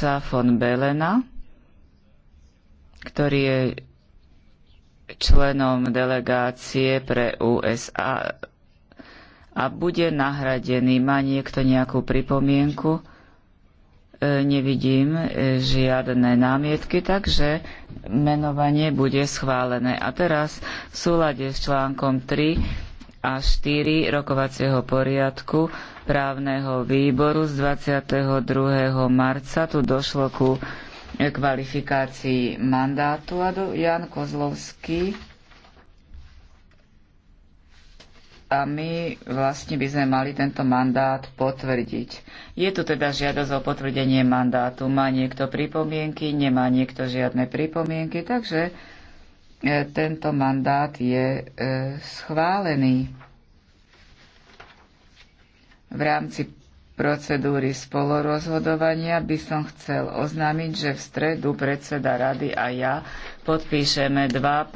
otca von Belena, ktorý je členom delegácie pre USA a bude nahradený. Má niekto nejakú pripomienku? E, nevidím žiadne námietky, takže menovanie bude schválené. A teraz v súlade s článkom 3 a 4 rokovacieho poriadku právneho výboru z 22. marca. Tu došlo ku kvalifikácii mandátu a Jan Kozlovský a my vlastne by sme mali tento mandát potvrdiť. Je tu teda žiadosť o potvrdenie mandátu. Má niekto pripomienky, nemá niekto žiadne pripomienky, takže E, tento mandát je e, schválený v rámci procedúry spolorozhodovania by som chcel oznámiť, že v stredu predseda rady a ja podpíšeme dva